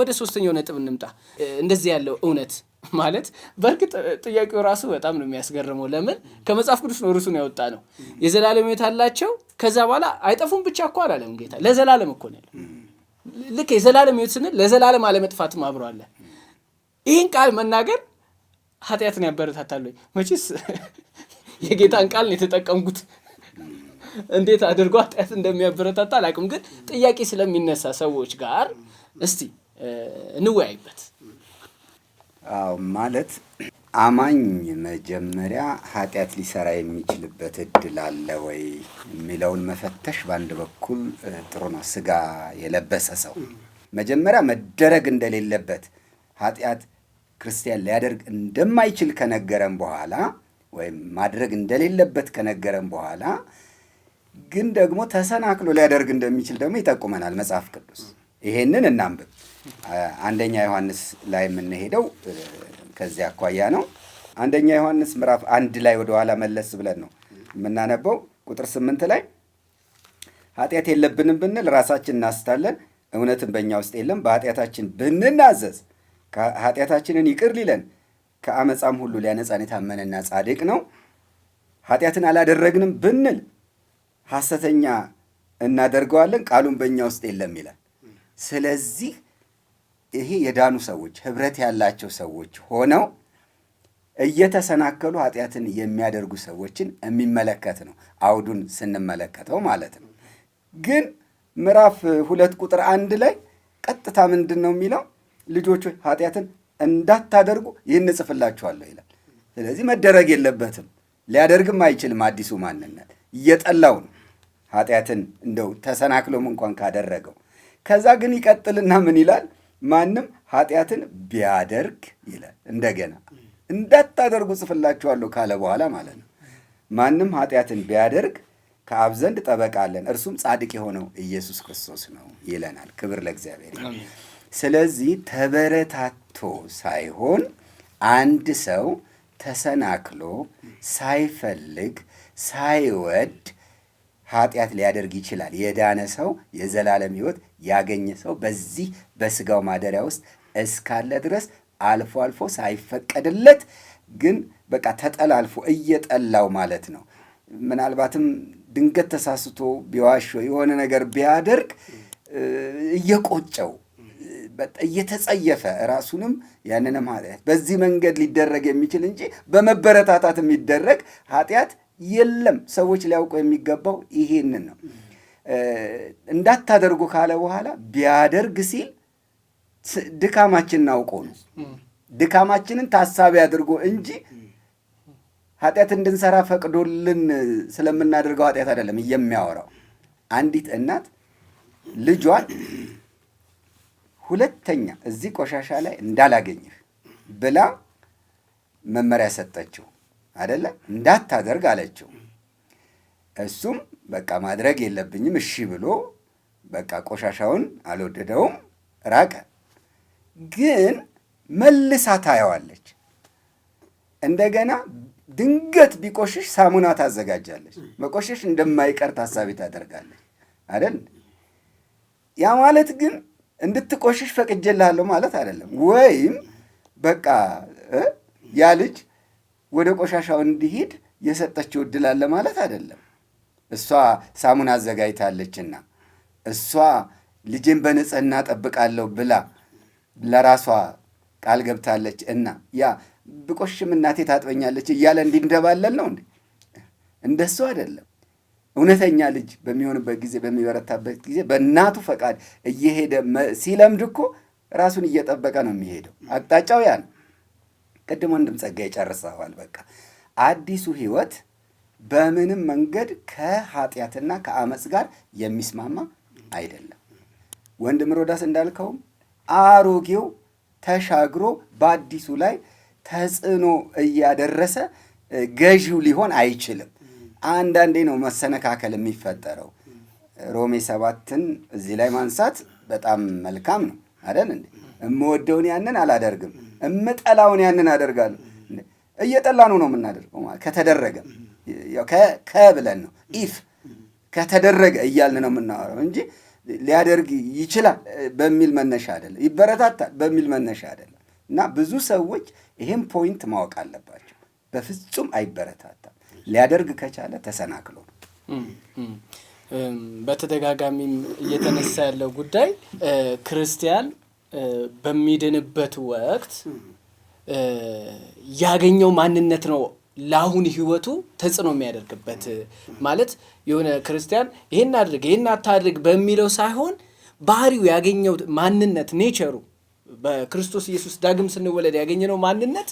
ወደ ሶስተኛው ነጥብ እንምጣ። እንደዚህ ያለው እውነት ማለት በእርግጥ ጥያቄው ራሱ በጣም ነው የሚያስገርመው። ለምን ከመጽሐፍ ቅዱስ ነው ርሱን ያወጣ ነው። የዘላለም ሕይወት አላቸው። ከዛ በኋላ አይጠፉም ብቻ እኮ አላለም ጌታ። ለዘላለም እኮ ነው። ልክ የዘላለም ሕይወት ስንል ለዘላለም አለመጥፋት አብሮ አለ። ይህን ቃል መናገር ኃጢአትን ያበረታታል ወይ? መቼስ የጌታን ቃል ነው የተጠቀምኩት። እንዴት አድርጎ ኃጢአት እንደሚያበረታታ አላውቅም፣ ግን ጥያቄ ስለሚነሳ ሰዎች ጋር እስቲ እንወያይበት። አዎ ማለት አማኝ መጀመሪያ ኃጢአት ሊሰራ የሚችልበት እድል አለ ወይ የሚለውን መፈተሽ በአንድ በኩል ጥሩ ነው። ስጋ የለበሰ ሰው መጀመሪያ መደረግ እንደሌለበት ኃጢአት ክርስቲያን ሊያደርግ እንደማይችል ከነገረን በኋላ ወይም ማድረግ እንደሌለበት ከነገረን በኋላ ግን ደግሞ ተሰናክሎ ሊያደርግ እንደሚችል ደግሞ ይጠቁመናል መጽሐፍ ቅዱስ። ይሄንን እናንብብ። አንደኛ ዮሐንስ ላይ የምንሄደው ከዚህ አኳያ ነው። አንደኛ ዮሐንስ ምዕራፍ አንድ ላይ ወደኋላ መለስ ብለን ነው የምናነበው። ቁጥር ስምንት ላይ ኃጢአት የለብንም ብንል ራሳችን እናስታለን፣ እውነትን በእኛ ውስጥ የለም። በኃጢአታችን ብንናዘዝ ኃጢአታችንን ይቅር ሊለን ከአመፃም ሁሉ ሊያነጻን የታመነና ጻድቅ ነው። ኃጢአትን አላደረግንም ብንል ሐሰተኛ እናደርገዋለን፣ ቃሉን በእኛ ውስጥ የለም ይላል። ስለዚህ ይሄ የዳኑ ሰዎች ህብረት ያላቸው ሰዎች ሆነው እየተሰናከሉ ኃጢአትን የሚያደርጉ ሰዎችን የሚመለከት ነው፣ አውዱን ስንመለከተው ማለት ነው። ግን ምዕራፍ ሁለት ቁጥር አንድ ላይ ቀጥታ ምንድን ነው የሚለው? ልጆች ኃጢአትን እንዳታደርጉ ይህን እጽፍላችኋለሁ ይላል። ስለዚህ መደረግ የለበትም ሊያደርግም አይችልም። አዲሱ ማንነት እየጠላው ነው ኃጢአትን እንደው ተሰናክሎም እንኳን ካደረገው ከዛ ግን ይቀጥልና ምን ይላል? ማንም ኃጢአትን ቢያደርግ ይላል እንደገና እንዳታደርጉ ጽፍላችኋለሁ ካለ በኋላ ማለት ነው። ማንም ኃጢአትን ቢያደርግ ከአብ ዘንድ ጠበቃ አለን፣ እርሱም ጻድቅ የሆነው ኢየሱስ ክርስቶስ ነው ይለናል። ክብር ለእግዚአብሔር። ስለዚህ ተበረታቶ ሳይሆን አንድ ሰው ተሰናክሎ ሳይፈልግ ሳይወድ ኃጢአት ሊያደርግ ይችላል። የዳነ ሰው የዘላለም ሕይወት ያገኘ ሰው በዚህ በስጋው ማደሪያ ውስጥ እስካለ ድረስ አልፎ አልፎ ሳይፈቀድለት ግን በቃ ተጠላልፎ እየጠላው ማለት ነው። ምናልባትም ድንገት ተሳስቶ ቢዋሾ የሆነ ነገር ቢያደርግ እየቆጨው እየተጸየፈ ራሱንም ያንንም ኃጢአት በዚህ መንገድ ሊደረግ የሚችል እንጂ በመበረታታት የሚደረግ ኃጢአት የለም። ሰዎች ሊያውቁ የሚገባው ይሄንን ነው። እንዳታደርጉ ካለ በኋላ ቢያደርግ ሲል ድካማችንን አውቆ ነው። ድካማችንን ታሳቢ አድርጎ እንጂ ኃጢአት እንድንሰራ ፈቅዶልን ስለምናደርገው ኃጢአት አይደለም የሚያወራው። አንዲት እናት ልጇን ሁለተኛ እዚህ ቆሻሻ ላይ እንዳላገኝህ ብላ መመሪያ ሰጠችው። አደለ እንዳታደርግ አለችው። እሱም በቃ ማድረግ የለብኝም እሺ ብሎ በቃ ቆሻሻውን አልወደደውም፣ ራቀ። ግን መልሳ ታየዋለች። እንደገና ድንገት ቢቆሽሽ ሳሙና ታዘጋጃለች። መቆሸሽ እንደማይቀር ታሳቢ ታደርጋለች አደል። ያ ማለት ግን እንድትቆሽሽ ፈቅጄልሃለሁ ማለት አይደለም። ወይም በቃ ያ ልጅ ወደ ቆሻሻው እንዲሄድ የሰጠችው እድል አለ ማለት አይደለም። እሷ ሳሙና አዘጋጅታለችና እሷ ልጄን በንጽህና ጠብቃለሁ ብላ ለራሷ ቃል ገብታለች እና ያ ብቆሽም እናቴ ታጥበኛለች እያለ እንዲንደባለል ነው እንዴ? እንደሱ አይደለም። እውነተኛ ልጅ በሚሆንበት ጊዜ በሚበረታበት ጊዜ በእናቱ ፈቃድ እየሄደ ሲለምድ እኮ ራሱን እየጠበቀ ነው የሚሄደው። አቅጣጫው ያ ነው። ቅድም ወንድም ጸጋ ይጨርሰዋል። በቃ አዲሱ ህይወት በምንም መንገድ ከኃጢአትና ከአመፅ ጋር የሚስማማ አይደለም። ወንድም ሮዳስ እንዳልከውም አሮጌው ተሻግሮ በአዲሱ ላይ ተጽዕኖ እያደረሰ ገዢው ሊሆን አይችልም። አንዳንዴ ነው መሰነካከል የሚፈጠረው። ሮሜ ሰባትን እዚህ ላይ ማንሳት በጣም መልካም ነው አይደል እንዴ? እምወደውን ያንን አላደርግም፣ የምጠላውን ያንን አደርጋለሁ። እየጠላ ነው ነው የምናደርገው ከተደረገ ከብለን ነው ኢፍ ከተደረገ እያልን ነው የምናወራው እንጂ ሊያደርግ ይችላል በሚል መነሻ አይደለም፣ ይበረታታል በሚል መነሻ አይደለም። እና ብዙ ሰዎች ይህም ፖይንት ማወቅ አለባቸው። በፍጹም አይበረታታም። ሊያደርግ ከቻለ ተሰናክሎ ነው። በተደጋጋሚም እየተነሳ ያለው ጉዳይ ክርስቲያን በሚድንበት ወቅት ያገኘው ማንነት ነው ለአሁን ህይወቱ ተጽዕኖ የሚያደርግበት ማለት የሆነ ክርስቲያን ይሄን አድርግ ይሄን አታድርግ በሚለው ሳይሆን ባህሪው ያገኘው ማንነት ኔቸሩ በክርስቶስ ኢየሱስ ዳግም ስንወለድ ያገኘነው ማንነት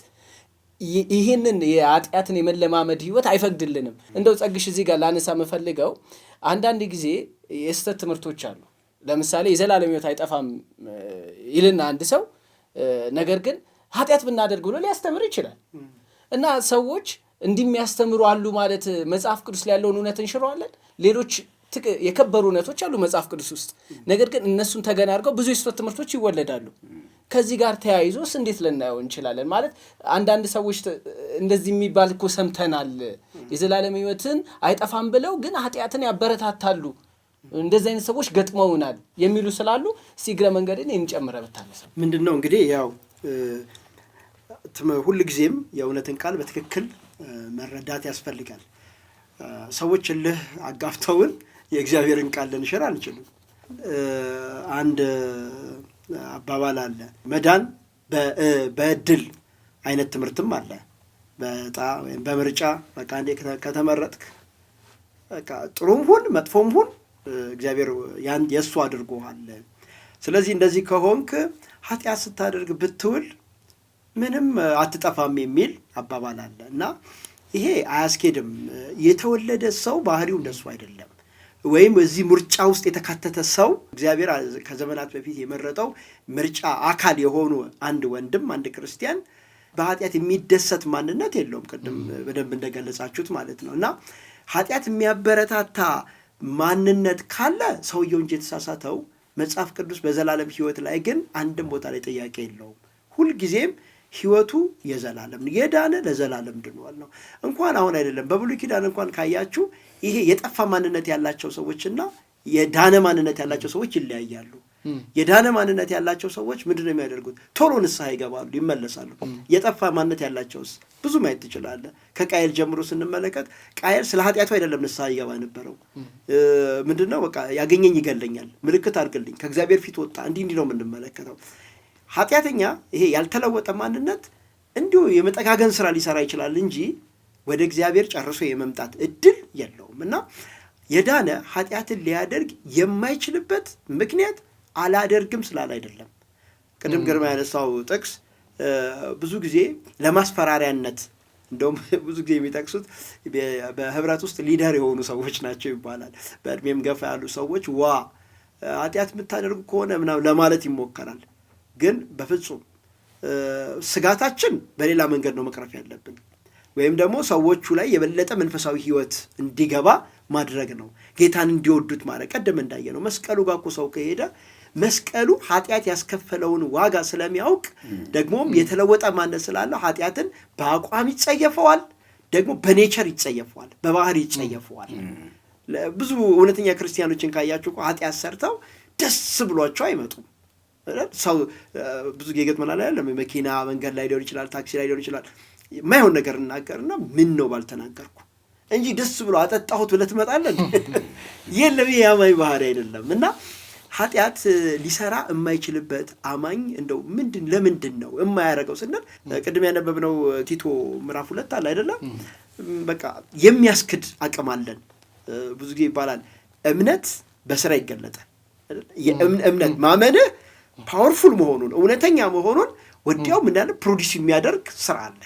ይህንን የአጥያትን የመለማመድ ህይወት አይፈቅድልንም። እንደው ጸግሽ እዚህ ጋር ላነሳ የምፈልገው አንዳንድ ጊዜ የስተት ትምህርቶች አሉ ለምሳሌ የዘላለም ህይወት አይጠፋም ይልና አንድ ሰው ነገር ግን ኃጢአት ብናደርግ ብሎ ሊያስተምር ይችላል። እና ሰዎች እንዲሚያስተምሩ አሉ ማለት መጽሐፍ ቅዱስ ላይ ያለውን እውነት እንሽረዋለን። ሌሎች የከበሩ እውነቶች አሉ መጽሐፍ ቅዱስ ውስጥ፣ ነገር ግን እነሱን ተገና አድርገው ብዙ የስህተት ትምህርቶች ይወለዳሉ። ከዚህ ጋር ተያይዞስ እንዴት ልናየው እንችላለን? ማለት አንዳንድ ሰዎች እንደዚህ የሚባል እኮ ሰምተናል፣ የዘላለም ህይወትን አይጠፋም ብለው ግን ኃጢአትን ያበረታታሉ እንደዚህ አይነት ሰዎች ገጥመውናል የሚሉ ስላሉ ሲግረ መንገድን የሚጨምረ ብታነሳ ምንድን ነው እንግዲህ ያው ጊዜም የእውነትን ቃል በትክክል መረዳት ያስፈልጋል። ሰዎች እልህ አጋፍተውን የእግዚአብሔርን ቃል ልንሽር አንችልም። አንድ አባባል አለ። መዳን በእድል አይነት ትምህርትም አለ። በጣ ወይም በምርጫ በቃ እንዴ ከተመረጥክ ጥሩም ሁን መጥፎም ሁን እግዚአብሔር የእሱ አድርጎሃል። ስለዚህ እንደዚህ ከሆንክ ኃጢአት ስታደርግ ብትውል ምንም አትጠፋም የሚል አባባል አለ እና ይሄ አያስኬድም። የተወለደ ሰው ባህሪው እንደሱ አይደለም። ወይም እዚህ ምርጫ ውስጥ የተካተተ ሰው እግዚአብሔር ከዘመናት በፊት የመረጠው ምርጫ አካል የሆኑ አንድ ወንድም አንድ ክርስቲያን በኃጢአት የሚደሰት ማንነት የለውም። ቅድም በደንብ እንደገለጻችሁት ማለት ነው እና ኃጢአት የሚያበረታታ ማንነት ካለ ሰውየው እንጂ የተሳሳተው መጽሐፍ ቅዱስ በዘላለም ህይወት ላይ ግን አንድም ቦታ ላይ ጥያቄ የለውም። ሁልጊዜም ህይወቱ የዘላለም ነው። የዳነ ለዘላለም ድኗል ነው። እንኳን አሁን አይደለም በብሉይ ኪዳን እንኳን ካያችሁ ይሄ የጠፋ ማንነት ያላቸው ሰዎችና የዳነ ማንነት ያላቸው ሰዎች ይለያያሉ። የዳነ ማንነት ያላቸው ሰዎች ምንድን ነው የሚያደርጉት? ቶሎ ንስሐ ይገባሉ፣ ይመለሳሉ። የጠፋ ማንነት ያላቸውስ ብዙ ማየት ትችላለህ። ከቃየል ጀምሮ ስንመለከት ቃየል ስለ ኃጢአቱ አይደለም ንስሐ ይገባ የነበረው ምንድን ነው በቃ ያገኘኝ ይገለኛል፣ ምልክት አድርግልኝ፣ ከእግዚአብሔር ፊት ወጣ፣ እንዲህ እንዲህ ነው የምንመለከተው። ኃጢአተኛ ይሄ ያልተለወጠ ማንነት እንዲሁ የመጠጋገን ስራ ሊሰራ ይችላል እንጂ ወደ እግዚአብሔር ጨርሶ የመምጣት እድል የለውም እና የዳነ ኃጢአትን ሊያደርግ የማይችልበት ምክንያት አላደርግም ስላል አይደለም። ቅድም ግርማ ያነሳው ጥቅስ ብዙ ጊዜ ለማስፈራሪያነት እንደውም ብዙ ጊዜ የሚጠቅሱት በህብረት ውስጥ ሊደር የሆኑ ሰዎች ናቸው ይባላል። በእድሜም ገፋ ያሉ ሰዎች ዋ ኃጢአት የምታደርጉ ከሆነ ምናምን ለማለት ይሞከራል። ግን በፍጹም ስጋታችን በሌላ መንገድ ነው መቅረፍ ያለብን፣ ወይም ደግሞ ሰዎቹ ላይ የበለጠ መንፈሳዊ ህይወት እንዲገባ ማድረግ ነው። ጌታን እንዲወዱት ማድረግ። ቀደም እንዳየ ነው መስቀሉ ጋር እኮ ሰው ከሄደ መስቀሉ ኃጢአት ያስከፈለውን ዋጋ ስለሚያውቅ ደግሞም የተለወጠ ማንነት ስላለው ኃጢአትን በአቋም ይጸየፈዋል፣ ደግሞ በኔቸር ይጸየፈዋል፣ በባህር ይጸየፈዋል። ብዙ እውነተኛ ክርስቲያኖችን ካያችሁ እኮ ኃጢአት ሰርተው ደስ ብሏቸው አይመጡም። ሰው ብዙ ጊዜ ገጥመናል አይደለም? መኪና መንገድ ላይ ሊሆን ይችላል፣ ታክሲ ላይ ሊሆን ይችላል። የማይሆን ነገር እናገርና ምን ነው ባልተናገርኩ እንጂ ደስ ብሎ አጠጣሁት ብለህ ትመጣለህ። የለም ያማኝ ባህሪ አይደለም እና ኃጢአት ሊሰራ የማይችልበት አማኝ እንደው ምንድን ለምንድን ነው የማያደርገው ስንል ቅድም ያነበብነው ቲቶ ምዕራፍ ሁለት አለ አይደለም። በቃ የሚያስክድ አቅም አለን። ብዙ ጊዜ ይባላል እምነት በስራ ይገለጣል። እምነት ማመንህ ፓወርፉል መሆኑን እውነተኛ መሆኑን ወዲያው ምንዳለ ፕሮዲስ የሚያደርግ ስራ አለ።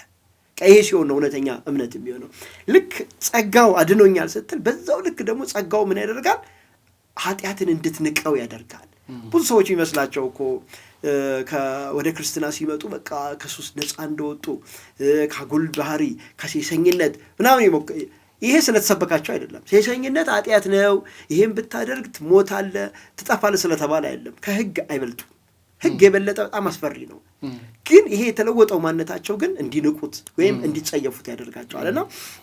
ይሄ ሲሆን ነው እውነተኛ እምነት የሚሆነው። ልክ ጸጋው አድኖኛል ስትል በዛው ልክ ደግሞ ጸጋው ምን ያደርጋል ኃጢአትን እንድትንቀው ያደርጋል። ብዙ ሰዎች የሚመስላቸው እኮ ወደ ክርስትና ሲመጡ በቃ ከሱስ ነፃ እንደወጡ ከአጉል ባህሪ ከሴሰኝነት ምናምን ይሄ ስለተሰበካቸው አይደለም። ሴሰኝነት ኃጢአት ነው፣ ይሄን ብታደርግ ትሞታለህ፣ ትጠፋለህ ስለተባለ አይደለም። ከህግ አይበልጡም። ህግ የበለጠ በጣም አስፈሪ ነው። ግን ይሄ የተለወጠው ማንነታቸው ግን እንዲንቁት ወይም እንዲጸየፉት ያደርጋቸዋል እና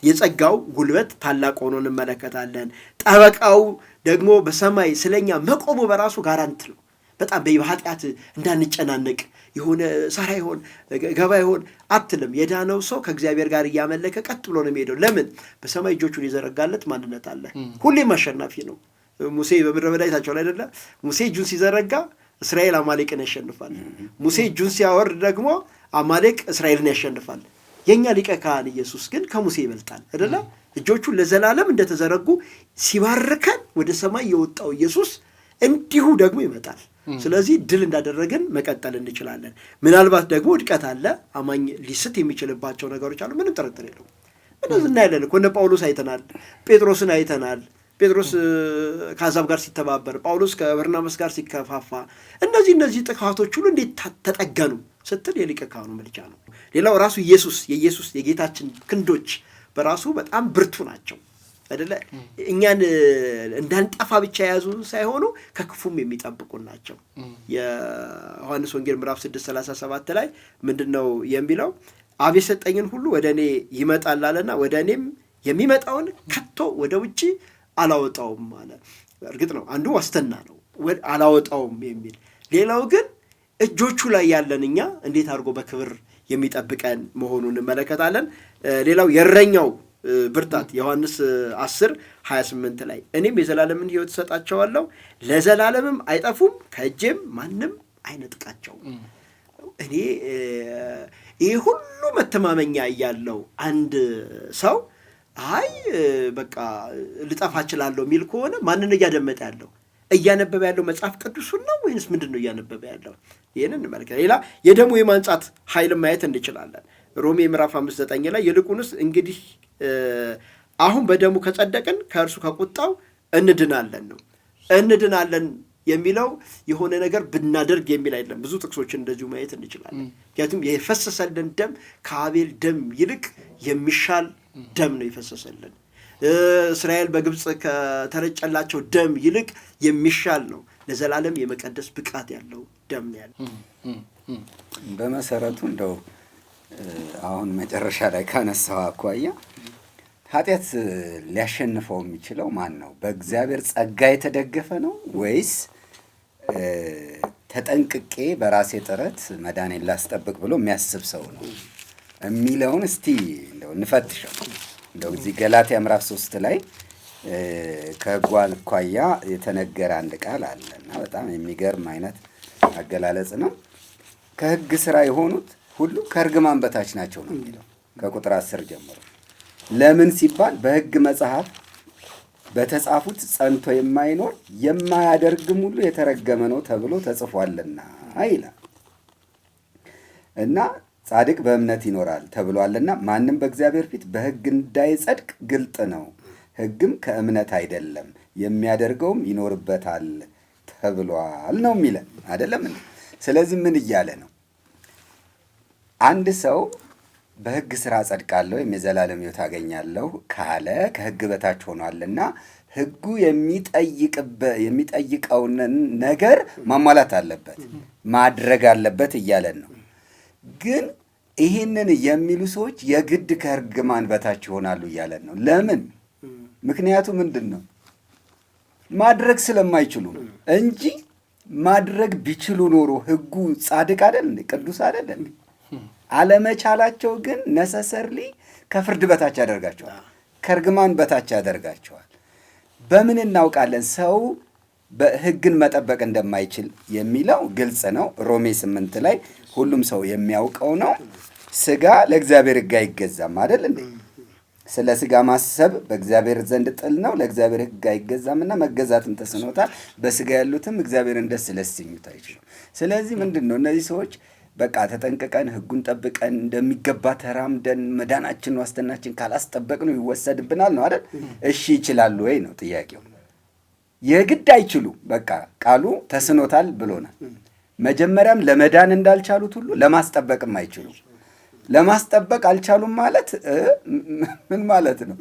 የጸጋው ጉልበት ታላቅ ሆኖ እንመለከታለን። ጠበቃው ደግሞ በሰማይ ስለኛ መቆሙ በራሱ ጋራንት ነው። በጣም በኃጢአት እንዳንጨናነቅ የሆነ ሰራ ይሆን ገባ ይሆን አትልም። የዳነው ሰው ከእግዚአብሔር ጋር እያመለከ ቀጥ ብሎ ነው የሚሄደው። ለምን? በሰማይ እጆቹን የዘረጋለት ማንነት አለ። ሁሌም አሸናፊ ነው። ሙሴ በምድረ በዳ አይታችኋል አይደለ? ሙሴ እጁን ሲዘረጋ እስራኤል አማሌቅን ያሸንፋል። ሙሴ እጁን ሲያወርድ ደግሞ አማሌቅ እስራኤልን ያሸንፋል። የእኛ ሊቀ ካህን ኢየሱስ ግን ከሙሴ ይበልጣል አይደለ? እጆቹን ለዘላለም እንደተዘረጉ ሲባርከን ወደ ሰማይ የወጣው ኢየሱስ እንዲሁ ደግሞ ይመጣል። ስለዚህ ድል እንዳደረግን መቀጠል እንችላለን። ምናልባት ደግሞ ውድቀት አለ፣ አማኝ ሊስት የሚችልባቸው ነገሮች አሉ። ምንም ጥርጥር የለውም። እናያለን እኮ እነ ጳውሎስ አይተናል፣ ጴጥሮስን አይተናል ጴጥሮስ ከአሕዛብ ጋር ሲተባበር፣ ጳውሎስ ከበርናባስ ጋር ሲከፋፋ፣ እነዚህ እነዚህ ጥፋቶች ሁሉ እንዴት ተጠገኑ ስትል የሊቀ ካህኑ ምልጃ ነው። ሌላው ራሱ ኢየሱስ የኢየሱስ የጌታችን ክንዶች በራሱ በጣም ብርቱ ናቸው አይደለ? እኛን እንዳንጠፋ ብቻ የያዙ ሳይሆኑ ከክፉም የሚጠብቁን ናቸው። የዮሐንስ ወንጌል ምዕራፍ 637 ላይ ምንድን ነው የሚለው? አብ የሰጠኝን ሁሉ ወደ እኔ ይመጣል አለና ወደ እኔም የሚመጣውን ከቶ ወደ ውጭ አላወጣውም አለ። እርግጥ ነው አንዱ ዋስትና ነው አላወጣውም የሚል ሌላው ግን እጆቹ ላይ ያለን እኛ እንዴት አድርጎ በክብር የሚጠብቀን መሆኑን እንመለከታለን። ሌላው የእረኛው ብርታት ዮሐንስ 10 28 ላይ እኔም የዘላለምን ሕይወት እሰጣቸዋለሁ ለዘላለምም አይጠፉም ከእጄም ማንም አይነጥቃቸው። እኔ ይህ ሁሉ መተማመኛ እያለው አንድ ሰው አይ በቃ ልጠፋ እችላለሁ የሚል ከሆነ ማንን እያደመጠ ያለው? እያነበበ ያለው መጽሐፍ ቅዱሱን ነው ወይንስ ምንድን ነው እያነበበ ያለው? ይህን እንመልከት። ሌላ የደሙ የማንጻት ኃይል ማየት እንችላለን። ሮሜ ምዕራፍ አምስት ዘጠኝ ላይ ይልቁንስ እንግዲህ አሁን በደሙ ከጸደቅን ከእርሱ ከቁጣው እንድናለን ነው። እንድናለን የሚለው የሆነ ነገር ብናደርግ የሚል አይደለም። ብዙ ጥቅሶችን እንደዚሁ ማየት እንችላለን። ምክንያቱም የፈሰሰልን ደም ከአቤል ደም ይልቅ የሚሻል ደም ነው የፈሰሰልን። እስራኤል በግብፅ ከተረጨላቸው ደም ይልቅ የሚሻል ነው። ለዘላለም የመቀደስ ብቃት ያለው ደም ያለ በመሰረቱ እንደው አሁን መጨረሻ ላይ ካነሳው አኳያ ኃጢአት ሊያሸንፈው የሚችለው ማን ነው? በእግዚአብሔር ጸጋ የተደገፈ ነው ወይስ ተጠንቅቄ በራሴ ጥረት መዳኔን ላስጠብቅ ብሎ የሚያስብ ሰው ነው? የሚለውን እስቲ እንደው እንፈትሸው። እንደው እዚህ ገላትያ ምዕራፍ ሶስት ላይ ከህጉ አኳያ የተነገረ አንድ ቃል አለ እና በጣም የሚገርም አይነት አገላለጽ ነው። ከህግ ስራ የሆኑት ሁሉ ከእርግማን በታች ናቸው ነው የሚለው ከቁጥር አስር ጀምሮ። ለምን ሲባል በህግ መጽሐፍ በተጻፉት ጸንቶ የማይኖር የማያደርግም ሁሉ የተረገመ ነው ተብሎ ተጽፏልና ይላል እና ጻድቅ በእምነት ይኖራል ተብሏልና ማንም በእግዚአብሔር ፊት በሕግ እንዳይጸድቅ ግልጥ ነው። ሕግም ከእምነት አይደለም፣ የሚያደርገውም ይኖርበታል ተብሏል ነው የሚለን አይደለም። ስለዚህ ምን እያለ ነው? አንድ ሰው በሕግ ስራ ጸድቃለሁ የዘላለም ሕይወት አገኛለሁ ካለ ከሕግ በታች ሆኗልና ሕጉ የሚጠይቀውን ነገር ማሟላት አለበት፣ ማድረግ አለበት እያለን ነው ግን ይህንን የሚሉ ሰዎች የግድ ከእርግማን በታች ይሆናሉ እያለን ነው። ለምን? ምክንያቱ ምንድን ነው? ማድረግ ስለማይችሉ እንጂ ማድረግ ቢችሉ ኖሮ ህጉ ጻድቅ አይደል ቅዱስ አይደል አለመቻላቸው ግን ነሰሰርሊ ከፍርድ በታች ያደርጋቸዋል፣ ከእርግማን በታች ያደርጋቸዋል። በምን እናውቃለን ሰው በህግን መጠበቅ እንደማይችል የሚለው ግልጽ ነው። ሮሜ ስምንት ላይ ሁሉም ሰው የሚያውቀው ነው። ስጋ ለእግዚአብሔር ሕግ አይገዛም አይደል እንዴ? ስለ ስጋ ማሰብ በእግዚአብሔር ዘንድ ጥል ነው። ለእግዚአብሔር ሕግ አይገዛም እና መገዛትም ተስኖታል። በስጋ ያሉትም እግዚአብሔርን ደስ ሊያሰኙት አይችሉም። ስለዚህ ምንድን ነው እነዚህ ሰዎች በቃ ተጠንቅቀን ህጉን ጠብቀን እንደሚገባ ተራምደን መዳናችን ዋስትናችን ካላስጠበቅነው ይወሰድብናል ነው አይደል? እሺ ይችላሉ ወይ ነው ጥያቄው። የግድ አይችሉም። በቃ ቃሉ ተስኖታል ብሎናል። መጀመሪያም ለመዳን እንዳልቻሉት ሁሉ ለማስጠበቅም አይችሉም። ለማስጠበቅ አልቻሉም ማለት ምን ማለት ነው?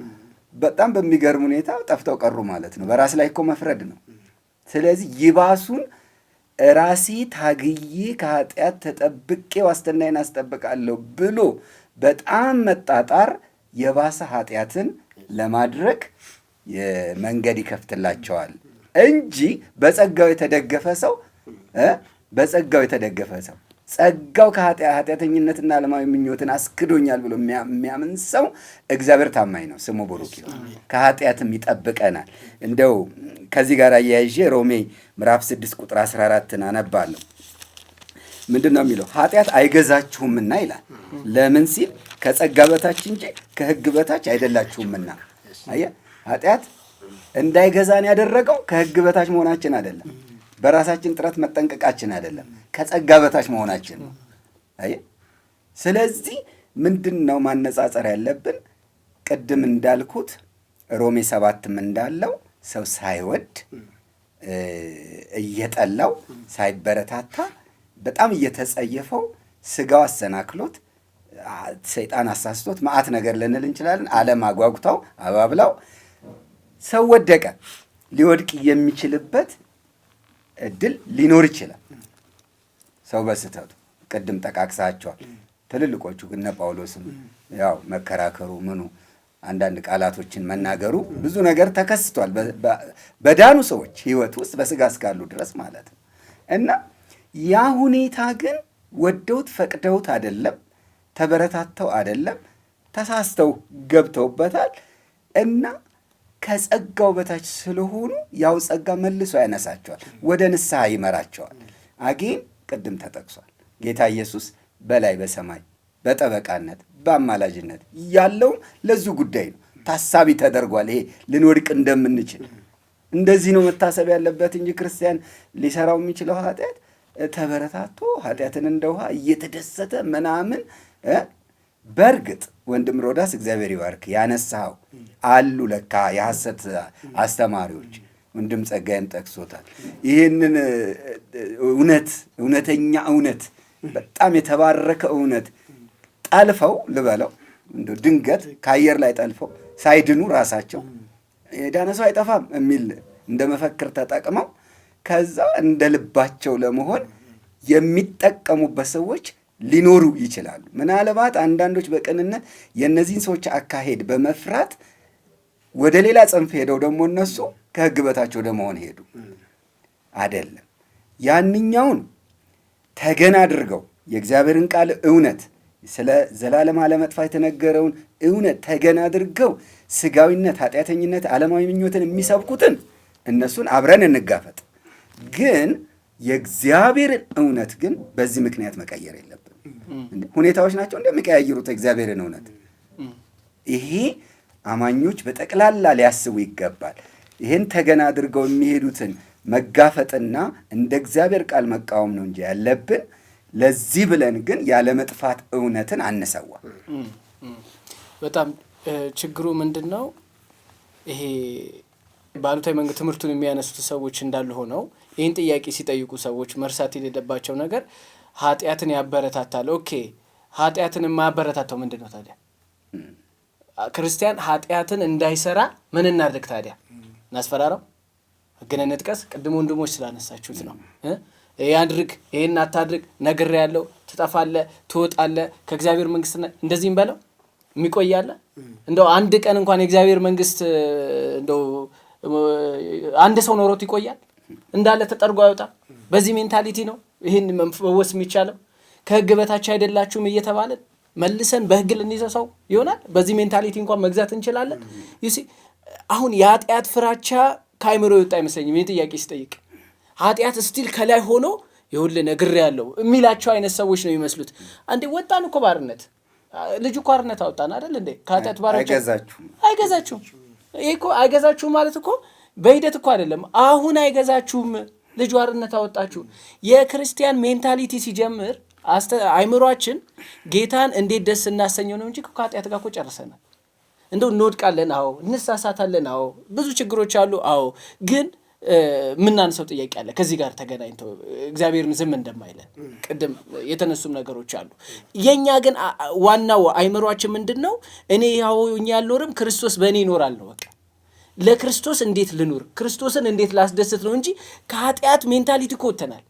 በጣም በሚገርም ሁኔታ ጠፍተው ቀሩ ማለት ነው። በራስ ላይ እኮ መፍረድ ነው። ስለዚህ ይባሱን ራሴ ታግዬ ከኃጢአት ተጠብቄ ዋስትናዬን አስጠብቃለሁ ብሎ በጣም መጣጣር የባሰ ኃጢአትን ለማድረግ መንገድ ይከፍትላቸዋል እንጂ በጸጋው የተደገፈ ሰው በጸጋው የተደገፈ ሰው ጸጋው ከኃጢአተኝነትና ዓለማዊ ምኞትን አስክዶኛል ብሎ የሚያምን ሰው እግዚአብሔር ታማኝ ነው፣ ስሙ ቡሩክ ከኃጢአትም ይጠብቀናል። እንደው ከዚህ ጋር አያይዤ ሮሜ ምዕራፍ 6 ቁጥር 14ን አነባለሁ። ምንድን ነው የሚለው? ኃጢአት አይገዛችሁምና ይላል። ለምን ሲል ከጸጋ በታች እንጂ ከሕግ በታች አይደላችሁምና። አየህ ኃጢአት እንዳይገዛን ያደረገው ከሕግ በታች መሆናችን አይደለም በራሳችን ጥረት መጠንቀቃችን አይደለም፣ ከጸጋ በታች መሆናችን ነው። አየህ፣ ስለዚህ ምንድን ነው ማነጻጸር ያለብን? ቅድም እንዳልኩት ሮሜ ሰባትም እንዳለው ሰው ሳይወድ እየጠላው ሳይበረታታ በጣም እየተጸየፈው ስጋው አሰናክሎት ሰይጣን አሳስቶት መዓት ነገር ልንል እንችላለን። ዓለም አጓጉታው አባብላው ሰው ወደቀ። ሊወድቅ የሚችልበት እድል ሊኖር ይችላል። ሰው በስተቱ ቅድም ጠቃቅሳቸዋል። ትልልቆቹ ግን እነ ጳውሎስም ያው መከራከሩ ምኑ አንዳንድ ቃላቶችን መናገሩ ብዙ ነገር ተከስቷል በዳኑ ሰዎች ህይወት ውስጥ በስጋ እስካሉ ድረስ ማለት ነው። እና ያ ሁኔታ ግን ወደውት ፈቅደውት አይደለም፣ ተበረታተው አይደለም፣ ተሳስተው ገብተውበታል እና ከጸጋው በታች ስለሆኑ ያው ጸጋ መልሶ ያነሳቸዋል፣ ወደ ንስሐ ይመራቸዋል። አጌን ቅድም ተጠቅሷል። ጌታ ኢየሱስ በላይ በሰማይ በጠበቃነት በአማላጅነት ያለውም ለዚሁ ጉዳይ ነው። ታሳቢ ተደርጓል። ይሄ ልንወድቅ እንደምንችል እንደዚህ ነው መታሰብ ያለበት እንጂ ክርስቲያን ሊሰራው የሚችለው ኃጢአት ተበረታቶ ኃጢአትን እንደ ውሃ እየተደሰተ ምናምን በእርግጥ ወንድም ሮዳስ እግዚአብሔር ይባርክ ያነሳው አሉ ለካ የሐሰት አስተማሪዎች ወንድም ጸጋይም ጠቅሶታል። ይህንን እውነት እውነተኛ እውነት በጣም የተባረከ እውነት ጠልፈው ልበለው እንደ ድንገት ከአየር ላይ ጠልፈው ሳይድኑ ራሳቸው የዳነ ሰው አይጠፋም የሚል እንደ መፈክር ተጠቅመው ከዛ እንደ ልባቸው ለመሆን የሚጠቀሙበት ሰዎች ሊኖሩ ይችላሉ። ምናልባት አንዳንዶች በቅንነት የእነዚህን ሰዎች አካሄድ በመፍራት ወደ ሌላ ጽንፍ ሄደው ደግሞ እነሱ ከህግበታቸው ደመሆን ወደ ሄዱ። አይደለም ያንኛውን ተገን አድርገው የእግዚአብሔርን ቃል እውነት ስለ ዘላለም አለመጥፋ የተነገረውን እውነት ተገን አድርገው ስጋዊነት፣ ኃጢአተኝነት፣ ዓለማዊ ምኞትን የሚሰብኩትን እነሱን አብረን እንጋፈጥ። ግን የእግዚአብሔርን እውነት ግን በዚህ ምክንያት መቀየር የለም። ሁኔታዎች ናቸው እንደሚቀያየሩት እግዚአብሔርን እውነት ይሄ አማኞች በጠቅላላ ሊያስቡ ይገባል። ይህን ተገና አድርገው የሚሄዱትን መጋፈጥና እንደ እግዚአብሔር ቃል መቃወም ነው እንጂ ያለብን። ለዚህ ብለን ግን ያለመጥፋት እውነትን አንሰዋ። በጣም ችግሩ ምንድን ነው? ይሄ በአሉታዊ መንገድ ትምህርቱን የሚያነሱት ሰዎች እንዳሉ ሆነው ይህን ጥያቄ ሲጠይቁ ሰዎች መርሳት የሌለባቸው ነገር ኃጢአትን ያበረታታል። ኦኬ ኃጢአትን የማያበረታተው ምንድን ነው ታዲያ? ክርስቲያን ኃጢአትን እንዳይሰራ ምን እናድርግ ታዲያ? እናስፈራረው? ህግን እንጥቀስ? ቅድም ወንድሞች ስላነሳችሁት ነው። ያድርግ ይህን አታድርግ ነግር ያለው ትጠፋለ ትወጣለ ከእግዚአብሔር መንግስት እንደዚህም በለው የሚቆያለ እንደው አንድ ቀን እንኳን የእግዚአብሔር መንግስት እንደው አንድ ሰው ኖሮት ይቆያል እንዳለ ተጠርጎ አይወጣም። በዚህ ሜንታሊቲ ነው ይህን መወስ የሚቻለው ከህግ በታች አይደላችሁም እየተባለ መልሰን በህግ ልንይዘው ሰው ይሆናል። በዚህ ሜንታሊቲ እንኳን መግዛት እንችላለን። ዩሲ አሁን የኃጢአት ፍራቻ ከአይምሮ የወጣ አይመስለኝም። ይህ ጥያቄ ሲጠይቅ ኃጢአት ስቲል ከላይ ሆኖ የሁል ነግር ያለው የሚላቸው አይነት ሰዎች ነው የሚመስሉት። አንዴ ወጣን እኮ ባርነት፣ ልጅ እኮ አርነት አወጣን አይደል እንዴ? ከኃጢአት ባሮች አይገዛችሁም። ይሄ እኮ አይገዛችሁም ማለት እኮ በሂደት እኮ አይደለም አሁን አይገዛችሁም ልጅ ዋርነት አወጣችሁ። የክርስቲያን ሜንታሊቲ ሲጀምር አይምሯችን ጌታን እንዴት ደስ እናሰኘው ነው እንጂ ከኃጢአት ጋር እኮ ጨርሰናል። እንደው እንወድቃለን፣ አዎ፣ እንሳሳታለን፣ አዎ፣ ብዙ ችግሮች አሉ፣ አዎ። ግን ምናንሰው ጥያቄ አለ ከዚህ ጋር ተገናኝቶ እግዚአብሔርን ዝም እንደማይለን ቅድም የተነሱም ነገሮች አሉ። የእኛ ግን ዋናው አይምሯችን ምንድን ነው? እኔ ያው እኛ ያልኖርም ክርስቶስ በእኔ ይኖራል ነው በቃ ለክርስቶስ እንዴት ልኑር፣ ክርስቶስን እንዴት ላስደስት ነው እንጂ ከኃጢአት ሜንታሊቲ ከወተናል፣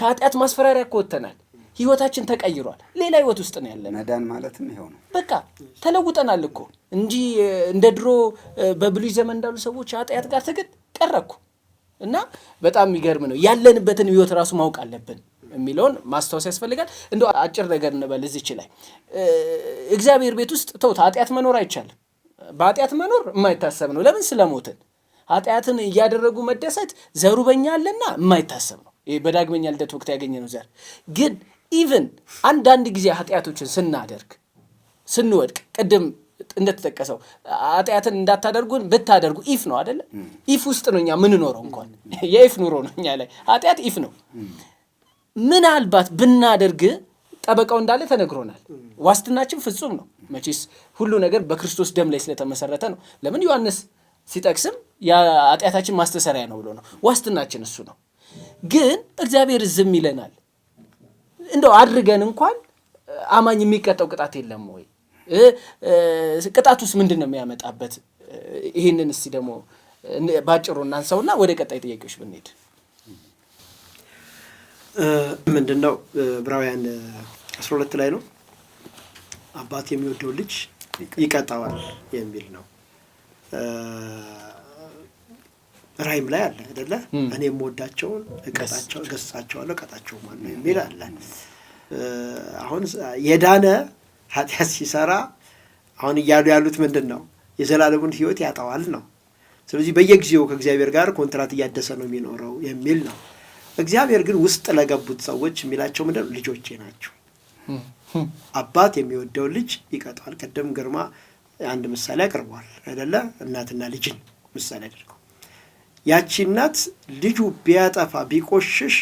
ከኃጢአት ማስፈራሪያ ከወተናል። ህይወታችን ተቀይሯል። ሌላ ህይወት ውስጥ ነው ያለን። መዳን ማለትም ይኸው ነው። በቃ ተለውጠናል እኮ እንጂ እንደ ድሮ በብሉይ ዘመን እንዳሉ ሰዎች ኃጢአት ጋር ትግል ቀረኩ እና በጣም የሚገርም ነው። ያለንበትን ህይወት ራሱ ማወቅ አለብን የሚለውን ማስታወስ ያስፈልጋል። እንደ አጭር ነገር እንበል እዚች ላይ እግዚአብሔር ቤት ውስጥ ተውት ኃጢአት መኖር አይቻልም። በኃጢአት መኖር የማይታሰብ ነው። ለምን ስለሞትን ኃጢአትን እያደረጉ መደሰት ዘሩ በኛ አለና የማይታሰብ ነው። ይህ በዳግመኛ ልደት ወቅት ያገኘ ነው ዘር። ግን ኢቨን አንዳንድ ጊዜ ኃጢአቶችን ስናደርግ ስንወድቅ ቅድም እንደተጠቀሰው ኃጢአትን እንዳታደርጉን ብታደርጉ ኢፍ ነው አደለ? ኢፍ ውስጥ ነው እኛ ምንኖረው። እንኳን የኢፍ ኑሮ ነው እኛ ላይ ኃጢአት ኢፍ ነው። ምናልባት ብናደርግ ጠበቃው እንዳለ ተነግሮናል። ዋስትናችን ፍጹም ነው። መቼስ ሁሉ ነገር በክርስቶስ ደም ላይ ስለተመሰረተ ነው። ለምን ዮሐንስ ሲጠቅስም የኃጢአታችን ማስተሰሪያ ነው ብሎ ነው። ዋስትናችን እሱ ነው። ግን እግዚአብሔር ዝም ይለናል። እንደው አድርገን እንኳን አማኝ የሚቀጣው ቅጣት የለም ወይ? ቅጣቱስ ምንድን ነው የሚያመጣበት? ይህንን እስቲ ደግሞ ባጭሩ እናንሳውና ወደ ቀጣይ ጥያቄዎች ብንሄድ ምንድን ነው ዕብራውያን ሁለት ላይ ነው አባት የሚወደው ልጅ ይቀጣዋል የሚል ነው። ራይም ላይ አለ አይደለ? እኔ የምወዳቸውን እቀጣቸው ገስጻቸዋለሁ እቀጣቸውማለሁ የሚል አለ። አሁን የዳነ ኃጢአት ሲሰራ አሁን እያሉ ያሉት ምንድን ነው? የዘላለሙን ህይወት ያጠዋል ነው። ስለዚህ በየጊዜው ከእግዚአብሔር ጋር ኮንትራት እያደሰ ነው የሚኖረው የሚል ነው። እግዚአብሔር ግን ውስጥ ለገቡት ሰዎች የሚላቸው ምንድን ነው? ልጆቼ ናቸው አባት የሚወደው ልጅ ይቀጣል ቅድም ግርማ አንድ ምሳሌ አቅርቧል አይደለ? እናትና ልጅን ምሳሌ አድርገው ያቺ እናት ልጁ ቢያጠፋ ቢቆሽሽ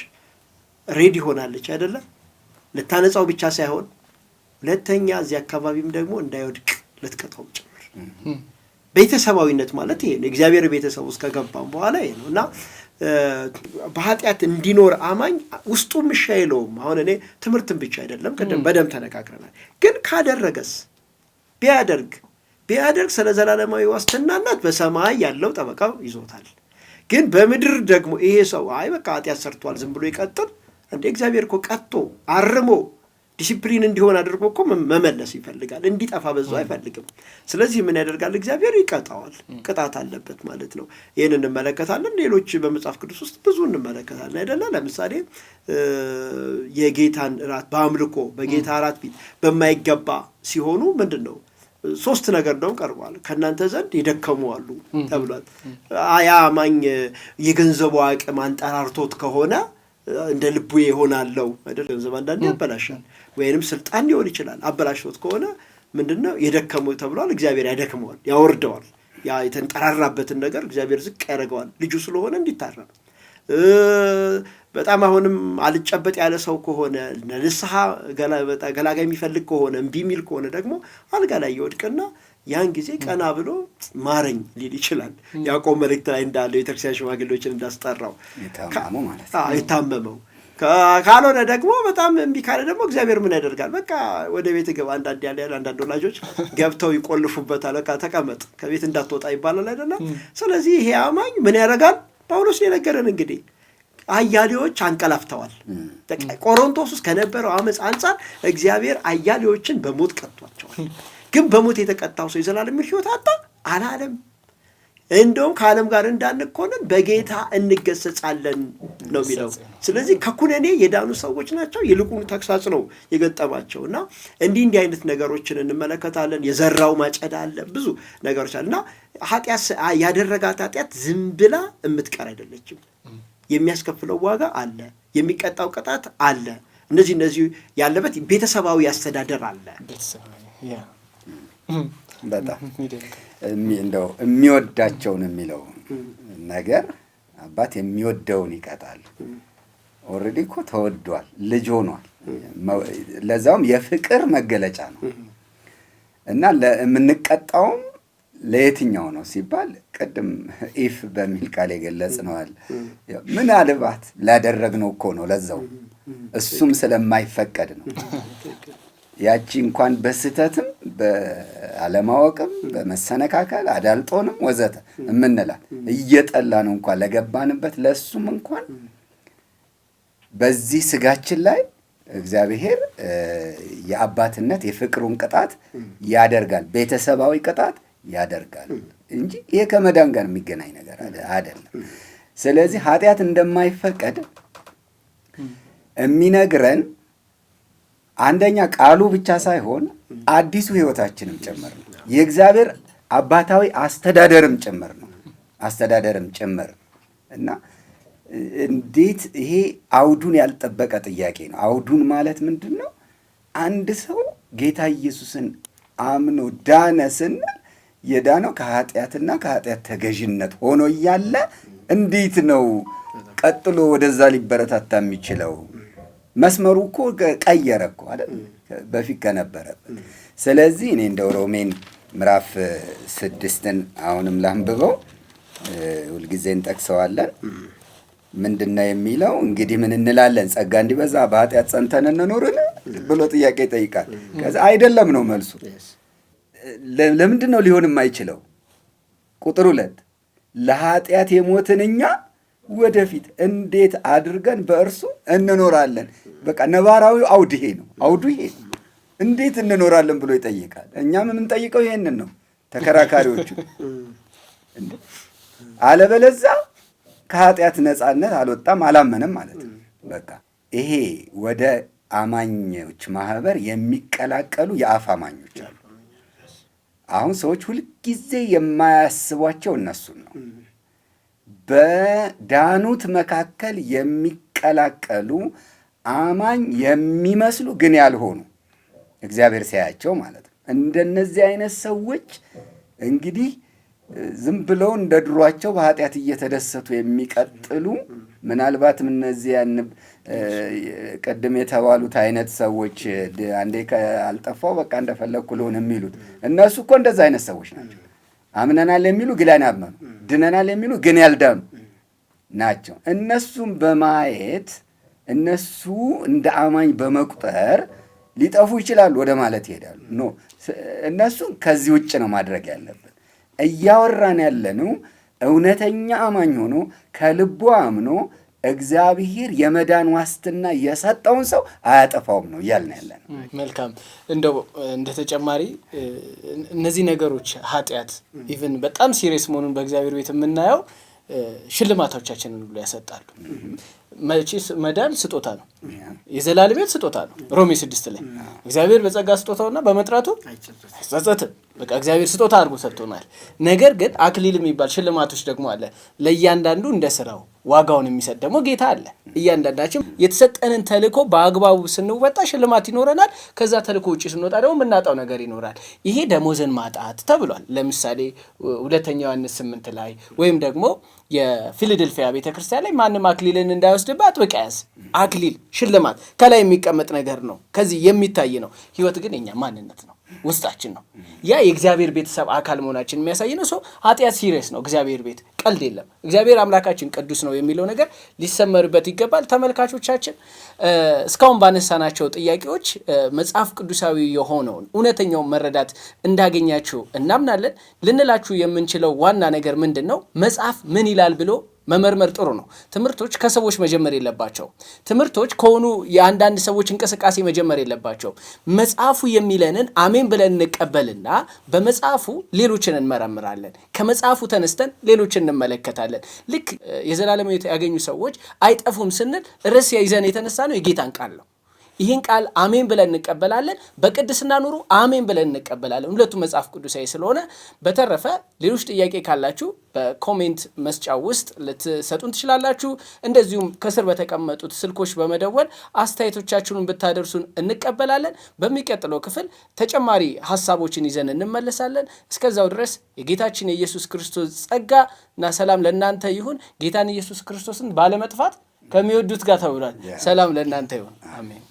ሬድ ይሆናለች አይደለ? ልታነጻው ብቻ ሳይሆን ሁለተኛ እዚህ አካባቢም ደግሞ እንዳይወድቅ ልትቀጣው ጭምር ቤተሰባዊነት ማለት ይሄ ነው። እግዚአብሔር ቤተሰብ ውስጥ ከገባም በኋላ ይሄ ነው እና በኃጢአት እንዲኖር አማኝ ውስጡ ምሻ የለውም። አሁን እኔ ትምህርትን ብቻ አይደለም ቅድም በደንብ ተነጋግረናል። ግን ካደረገስ ቢያደርግ ቢያደርግ ስለ ዘላለማዊ ዋስትናናት በሰማይ ያለው ጠበቃው ይዞታል። ግን በምድር ደግሞ ይሄ ሰው አይ በቃ ኃጢአት ሰርቷል ዝም ብሎ ይቀጥል እንደ እግዚአብሔር እኮ ቀጥቶ አርሞ ዲሲፕሊን እንዲሆን አድርጎ እኮ መመለስ ይፈልጋል። እንዲጠፋ በዛ አይፈልግም። ስለዚህ ምን ያደርጋል? እግዚአብሔር ይቀጣዋል። ቅጣት አለበት ማለት ነው። ይህን እንመለከታለን። ሌሎች በመጽሐፍ ቅዱስ ውስጥ ብዙ እንመለከታለን አይደለ? ለምሳሌ የጌታን እራት በአምልኮ በጌታ እራት ፊት በማይገባ ሲሆኑ ምንድን ነው ሶስት ነገር ነው ቀርቧል። ከእናንተ ዘንድ የደከሙ አሉ ተብሏል። ያ አማኝ የገንዘቡ አቅም አንጠራርቶት ከሆነ እንደ ልቡ የሆናለው ገንዘብ አንዳንድ ያበላሻል ወይንም ስልጣን ሊሆን ይችላል። አበላሽቶት ከሆነ ምንድን ነው የደከመው ተብሏል። እግዚአብሔር ያደክመዋል፣ ያወርደዋል። ያ የተንጠራራበትን ነገር እግዚአብሔር ዝቅ ያደርገዋል። ልጁ ስለሆነ እንዲታረም በጣም አሁንም አልጨበጥ ያለ ሰው ከሆነ ለንስሐ ገላጋ የሚፈልግ ከሆነ እምቢ የሚል ከሆነ ደግሞ አልጋ ላይ ይወድቅና ያን ጊዜ ቀና ብሎ ማረኝ ሊል ይችላል። ያዕቆብ መልእክት ላይ እንዳለው የቤተክርስቲያን ሽማግሌዎችን እንዳስጠራው የታመመው ካልሆነ ደግሞ በጣም እምቢ ካለ ደግሞ እግዚአብሔር ምን ያደርጋል? በቃ ወደ ቤት ገባ። አንዳንድ ያለ ያለ አንዳንድ ወላጆች ገብተው ይቆልፉበታል። በቃ ተቀመጥ፣ ከቤት እንዳትወጣ ይባላል አይደለም። ስለዚህ ይሄ አማኝ ምን ያደርጋል? ጳውሎስ የነገረን እንግዲህ አያሌዎች አንቀላፍተዋል። ቆሮንቶስ ውስጥ ከነበረው አመፅ አንጻር እግዚአብሔር አያሌዎችን በሞት ቀጥቷቸዋል። ግን በሞት የተቀጣው ሰው የዘላለም ሕይወት አጣ አላለም። እንደውም ከዓለም ጋር እንዳንኮንን በጌታ እንገሰጻለን ነው የሚለው። ስለዚህ ከኩነኔ የዳኑ ሰዎች ናቸው። ይልቁኑ ተግሳጽ ነው የገጠማቸው እና እንዲህ እንዲህ አይነት ነገሮችን እንመለከታለን። የዘራው ማጨድ አለ፣ ብዙ ነገሮች አለ እና ኃጢአት ያደረጋት ኃጢአት ዝም ብላ የምትቀር አይደለችም። የሚያስከፍለው ዋጋ አለ፣ የሚቀጣው ቅጣት አለ። እነዚህ እነዚህ ያለበት ቤተሰባዊ አስተዳደር አለ። በጣም እንደው የሚወዳቸውን የሚለው ነገር አባት የሚወደውን ይቀጣል። ኦልሬዲ እኮ ተወዷል፣ ልጅ ሆኗል። ለዛውም የፍቅር መገለጫ ነው እና የምንቀጣውም ለየትኛው ነው ሲባል ቅድም ኢፍ በሚል ቃል የገለጽ ነዋል። ምናልባት ላደረግነው እኮ ነው። ለዛው እሱም ስለማይፈቀድ ነው። ያቺ እንኳን በስህተትም በአለማወቅም በመሰነካከል አዳልጦንም ወዘተ የምንላት እየጠላ ነው እንኳን ለገባንበት ለእሱም እንኳን በዚህ ስጋችን ላይ እግዚአብሔር የአባትነት የፍቅሩን ቅጣት ያደርጋል፣ ቤተሰባዊ ቅጣት ያደርጋል እንጂ ይሄ ከመዳን ጋር የሚገናኝ ነገር አይደለም። ስለዚህ ኃጢአት እንደማይፈቀድ የሚነግረን አንደኛ ቃሉ ብቻ ሳይሆን አዲሱ ህይወታችንም ጭምር ነው። የእግዚአብሔር አባታዊ አስተዳደርም ጭምር ነው አስተዳደርም ጭምር እና እንዴት ይሄ አውዱን ያልጠበቀ ጥያቄ ነው። አውዱን ማለት ምንድን ነው? አንድ ሰው ጌታ ኢየሱስን አምኖ ዳነ ስንል የዳነው ከኃጢአትና ከኃጢአት ተገዥነት ሆኖ እያለ እንዴት ነው ቀጥሎ ወደዛ ሊበረታታ የሚችለው? መስመሩ እኮ ቀየረ እኮ አይደል በፊት ከነበረበት። ስለዚህ እኔ እንደው ሮሜን ምዕራፍ ስድስትን አሁንም ላንብበው፣ ሁልጊዜ እንጠቅሰዋለን። ምንድን ነው የሚለው? እንግዲህ ምን እንላለን? ጸጋ እንዲበዛ በኃጢአት ጸንተን እንኖርን ብሎ ጥያቄ ይጠይቃል። ከዛ አይደለም ነው መልሱ። ለምንድን ነው ሊሆን የማይችለው? ቁጥር ሁለት ለኃጢአት የሞትን እኛ ወደፊት እንዴት አድርገን በእርሱ እንኖራለን። በቃ ነባራዊ አውድ ይሄ ነው። አውዱ ይሄ ነው። እንዴት እንኖራለን ብሎ ይጠይቃል። እኛም የምንጠይቀው ይሄንን ነው። ተከራካሪዎቹ አለበለዛ ከኃጢአት ነፃነት አልወጣም አላመነም ማለት ነው። በቃ ይሄ ወደ አማኞች ማህበር የሚቀላቀሉ የአፍ አማኞች አሉ። አሁን ሰዎች ሁልጊዜ የማያስቧቸው እነሱን ነው። በዳኑት መካከል የሚቀላቀሉ አማኝ የሚመስሉ ግን ያልሆኑ እግዚአብሔር ሲያያቸው ማለት ነው። እንደነዚህ አይነት ሰዎች እንግዲህ ዝም ብለው እንደ ድሯቸው በኃጢአት እየተደሰቱ የሚቀጥሉ ምናልባትም እነዚያን ቅድም የተባሉት አይነት ሰዎች አንዴ አልጠፋው በቃ እንደፈለግኩ ልሆን የሚሉት እነሱ እኮ እንደዚ አይነት ሰዎች ናቸው። አምነናል የሚሉ ግላን ያላመኑ፣ ድነናል የሚሉ ግን ያልዳኑ ናቸው። እነሱም በማየት እነሱ እንደ አማኝ በመቁጠር ሊጠፉ ይችላሉ ወደ ማለት ይሄዳሉ። ኖ እነሱን ከዚህ ውጭ ነው ማድረግ ያለብን። እያወራን ያለነው እውነተኛ አማኝ ሆኖ ከልቦ አምኖ እግዚአብሔር የመዳን ዋስትና የሰጠውን ሰው አያጠፋውም ነው እያልን ያለ ነው። መልካም እንደው እንደ ተጨማሪ እነዚህ ነገሮች ኃጢአት ኢቨን በጣም ሲሪየስ መሆኑን በእግዚአብሔር ቤት የምናየው ሽልማቶቻችንን ብሎ ያሰጣሉ። መቼስ መዳን ስጦታ ነው፣ የዘላለም ስጦታ ነው። ሮሜ ስድስት ላይ እግዚአብሔር በጸጋ ስጦታውና በመጥራቱ አይጸጸትም። በቃ እግዚአብሔር ስጦታ አድርጎ ሰጥቶናል። ነገር ግን አክሊል የሚባል ሽልማቶች ደግሞ አለ ለእያንዳንዱ እንደ ስራው ዋጋውን የሚሰጥ ደግሞ ጌታ አለ። እያንዳንዳችን የተሰጠንን ተልእኮ በአግባቡ ስንወጣ ሽልማት ይኖረናል። ከዛ ተልእኮ ውጭ ስንወጣ ደግሞ የምናጣው ነገር ይኖራል። ይሄ ደሞዝን ማጣት ተብሏል። ለምሳሌ ሁለተኛ ዮሐንስ ስምንት ላይ ወይም ደግሞ የፊላደልፊያ ቤተክርስቲያን ላይ ማንም አክሊልን እንዳይወስድብህ አጥብቀህ ያዝ። አክሊል ሽልማት ከላይ የሚቀመጥ ነገር ነው፣ ከዚህ የሚታይ ነው። ህይወት ግን የኛ ማንነት ነው። ውስጣችን ነው። ያ የእግዚአብሔር ቤተሰብ አካል መሆናችን የሚያሳይ ነው። ሰው ኃጢአት ሲሪየስ ነው። እግዚአብሔር ቤት ቀልድ የለም። እግዚአብሔር አምላካችን ቅዱስ ነው የሚለው ነገር ሊሰመርበት ይገባል። ተመልካቾቻችን፣ እስካሁን ባነሳናቸው ጥያቄዎች መጽሐፍ ቅዱሳዊ የሆነውን እውነተኛውን መረዳት እንዳገኛችሁ እናምናለን። ልንላችሁ የምንችለው ዋና ነገር ምንድን ነው? መጽሐፍ ምን ይላል ብሎ መመርመር ጥሩ ነው። ትምህርቶች ከሰዎች መጀመር የለባቸው። ትምህርቶች ከሆኑ የአንዳንድ ሰዎች እንቅስቃሴ መጀመር የለባቸው። መጽሐፉ የሚለንን አሜን ብለን እንቀበልና በመጽሐፉ ሌሎችን እንመረምራለን። ከመጽሐፉ ተነስተን ሌሎችን እንመለከታለን። ልክ የዘላለም ያገኙ ሰዎች አይጠፉም ስንል ርዕስ ይዘን የተነሳ ነው የጌታን ቃል ነው። ይህን ቃል አሜን ብለን እንቀበላለን። በቅድስና ኑሩ አሜን ብለን እንቀበላለን። ሁለቱ መጽሐፍ ቅዱሳዊ ስለሆነ። በተረፈ ሌሎች ጥያቄ ካላችሁ በኮሜንት መስጫ ውስጥ ልትሰጡን ትችላላችሁ። እንደዚሁም ከስር በተቀመጡት ስልኮች በመደወል አስተያየቶቻችሁን ብታደርሱን እንቀበላለን። በሚቀጥለው ክፍል ተጨማሪ ሀሳቦችን ይዘን እንመለሳለን። እስከዛው ድረስ የጌታችን የኢየሱስ ክርስቶስ ጸጋ እና ሰላም ለእናንተ ይሁን። ጌታን ኢየሱስ ክርስቶስን ባለመጥፋት ከሚወዱት ጋር ተብሏል። ሰላም ለእናንተ ይሁን። አሜን።